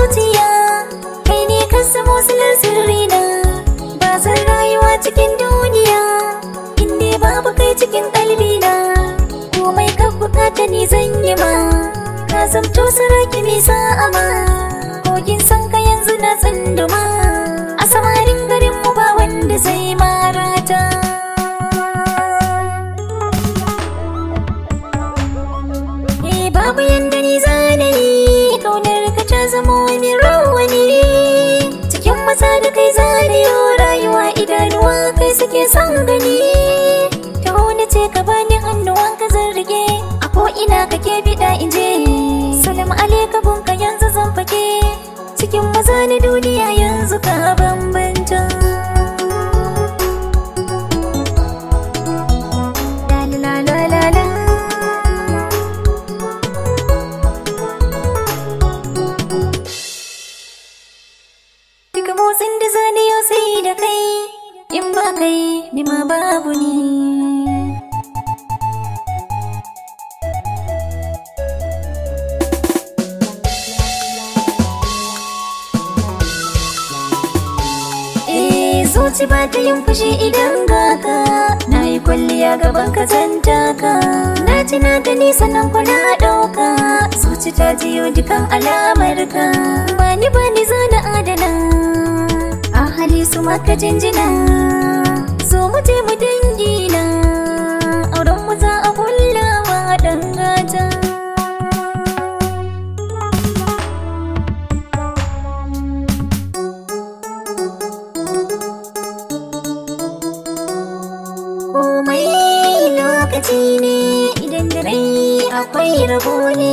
zuciya kai ne ka samo silin sirrina ba zan rayuwa cikin duniya inda babu kai cikin na komai ka bukata ni zan yi ma ka zamto saraki mai sa'a ma kogin san ka yanzu na tsunduma biyo rayuwa idanuwa kai suke son gani ta wani ce ka bani hannuwan ka zan rike a ko ina kake bida in je salam alaikabun ka yanzu zan fake cikin maza na duniya yanzu ka bambanta da zane sai da kai in ba kai ni ma babu ni eh, Zuci ba ta yin fushi idan gaka Na yi kwalliya gaban ka zanta ka Na ci na gani sannan na ɗauka Zuci ta jiyo dukan alamar ka Bani zo na adana maka jinjina so mu je mu dangina auren mu za a kullawa dangata komai lokaci ne idan da rai akwai rabo ne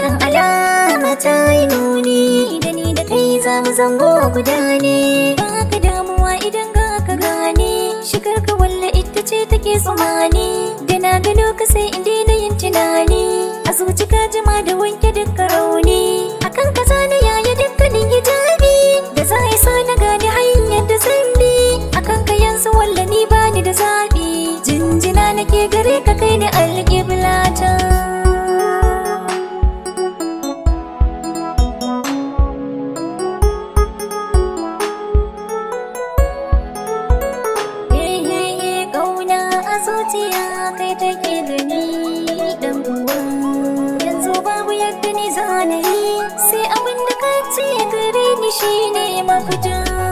kan alama ta yi nuni da ni da kai za mu zango guda ne shigar ka walla ita ce take tsumani da na gano ka sai inda yin tunani a zuci ka jima da wanki ne sai abin da ka ce gare ni shine mafita